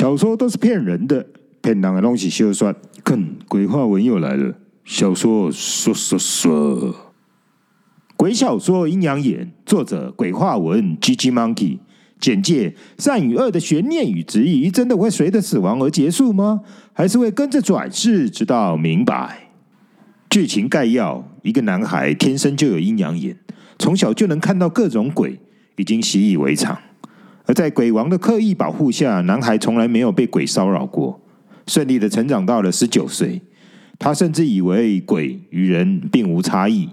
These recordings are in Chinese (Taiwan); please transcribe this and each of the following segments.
小說都是騙人的，騙人的東西就算看鬼話文又來了，小說說說說。鬼小說《陰陽眼》，作者鬼話文 GGmonkey。簡介：善與惡的懸念與旨意，真的會隨着死亡而結束嗎？還是會跟着轉世，直到明白？劇情概要：一個男孩天生就有陰陽眼，從小就能看到各種鬼，已經習以為常。而在鬼王的刻意保護下，男孩從來沒有被鬼騷擾過，順利的成長到了十九歲。他甚至以為鬼與人並無差異，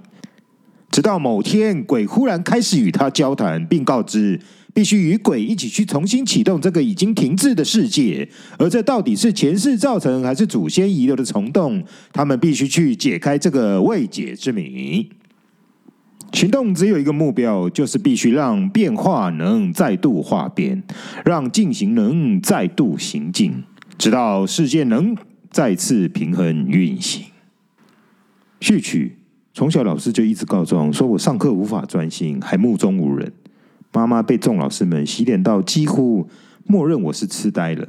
直到某天，鬼忽然開始與他交談，並告知必須與鬼一起去重新啟動這個已經停滯的世界。而這到底是前世造成，還是祖先遺留的蟲洞？他們必須去解開這個未解之謎。行動只有一個目標，就是必須讓變化能再度化變，讓進行能再度行進，直到世界能再次平衡運行。序曲，從小老師就一直告狀，說我上課無法專心，還目中無人。媽媽被眾老師們洗臉到幾乎默認我是痴呆了。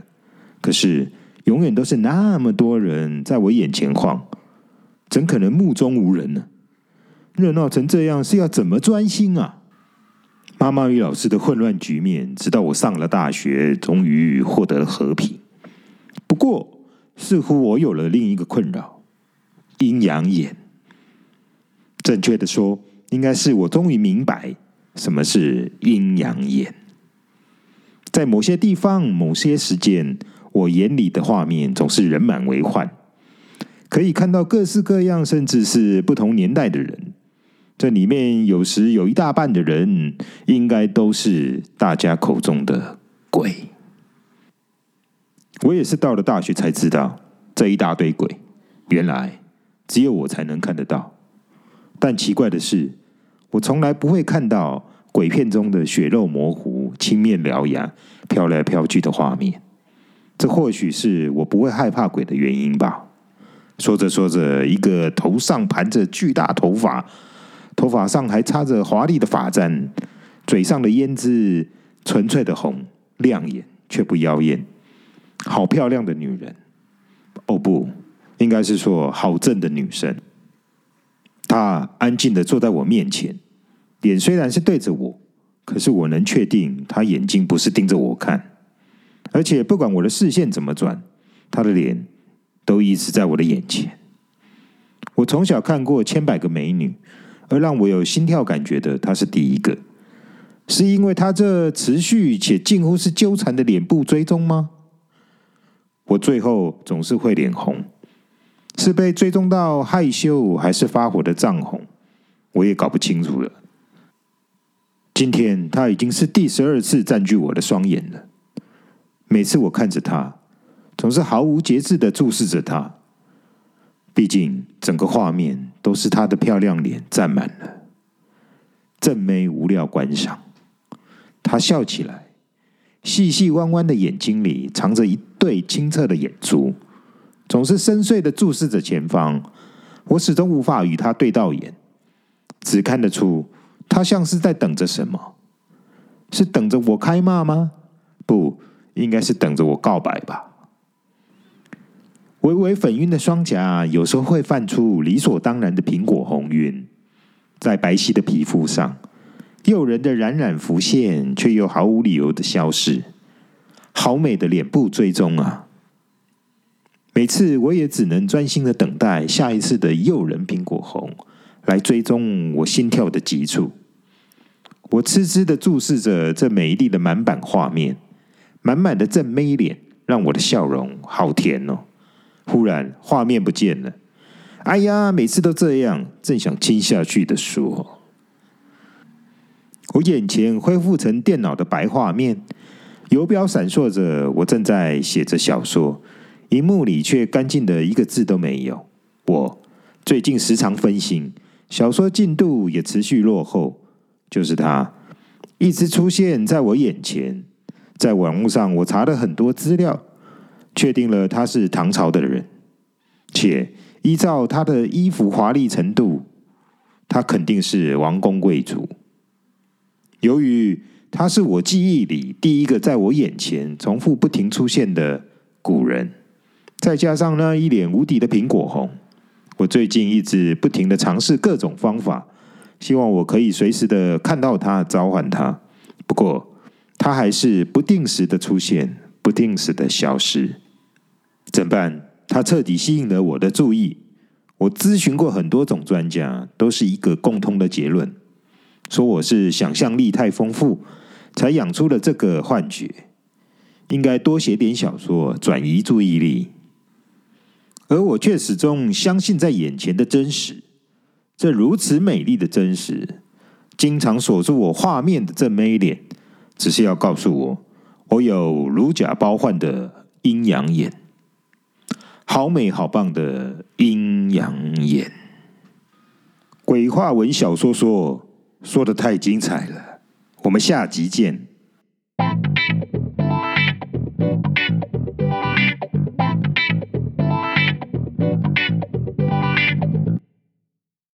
可是，永遠都是那麼多人在我眼前晃，怎可能目中無人呢？熱鬧成這樣是要怎麼專心啊？媽媽與老師的混亂局面，直到我上了大學，終於獲得了和平。不過，似乎我有了另一個困擾——陰陽眼。正確地說，應該是我終於明白什麼是陰陽眼。在某些地方，某些時間，我眼裡的畫面總是人滿為患，可以看到各式各樣，甚至是不同年代的人。這裡面有時有一大半的人，應該都是大家口中的鬼。我也是到了大學才知道，這一大堆鬼，原來只有我才能看得到。但奇怪的是，我從來不會看到鬼片中的血肉模糊、青面獠牙、飄來飄去的畫面。這或許是我不會害怕鬼的原因吧。說着說着，一個頭上盤着巨大頭髮。頭髮上還插着華麗的髮簪，嘴上的胭脂純粹的紅，亮眼卻不妖艷，好漂亮的女人。哦不，應該是說好正的女生。她安靜地坐在我面前，臉雖然是對着我，可是我能確定她眼睛不是盯着我看。而且不管我的視線怎麼轉，她的臉都一直在我的眼前。我從小看過千百個美女。而讓我有心跳感覺的，他是第一個，是因為他這持續且近乎是糾纏的臉部追蹤嗎？我最後總是會臉紅，是被追蹤到害羞，還是發火的漲紅？我也搞不清楚了。今天他已經是第十二次占據我的雙眼了，每次我看着他，總是毫無節制的注視着他。畢竟整個畫面，都是他的漂亮臉占滿了，正妹無料觀賞。他笑起來，細細彎彎的眼睛裡藏着一對清澈的眼珠，總是深邃的注視着前方。我始終無法與他對到眼，只看得出他像是在等着什麼，是等着我開罵嗎？不，應該是等着我告白吧。微微粉暈的雙頰，有時候會泛出理所當然的蘋果紅暈，在白皙的皮膚上，誘人的冉冉浮現，卻又毫無理由的消失。好美的臉部追蹤啊！每次我也只能專心的等待下一次的誘人蘋果紅，來追蹤我心跳的急促。我痴痴的注視着這美麗的滿版畫面，滿滿的正妹臉，讓我的笑容好甜哦。忽然，畫面不見了。哎呀，每次都這樣。正想親下去的說，我眼前恢復成電腦的白畫面，游標閃爍着，我正在寫着小說，熒幕裡卻乾淨的一個字都沒有。我最近時常分心，小說進度也持續落後。就是他一直出現在我眼前，在網絡上我查了很多資料。確定了他是唐朝的人，且依照他的衣服華麗程度，他肯定是王公貴族。由於他是我記憶裡第一個在我眼前重複不停出現的古人，再加上那一臉無敵的蘋果紅，我最近一直不停的嘗試各種方法，希望我可以隨時的看到他、召喚他。不過他還是不定時的出現，不定時的消失。怎辦？他徹底吸引了我的注意。我諮詢過很多種專家，都是一個共通的結論：說我是想象力太豐富，才養出了這個幻覺。應該多寫點小說，轉移注意力。而我卻始終相信在眼前的真實，這如此美麗的真實，經常鎖住我畫面的這眉臉，只是要告訴我，我有如假包換的陰陽眼。好美好棒的《陰陽眼》，鬼話文小說說說得太精彩了，我們下集見。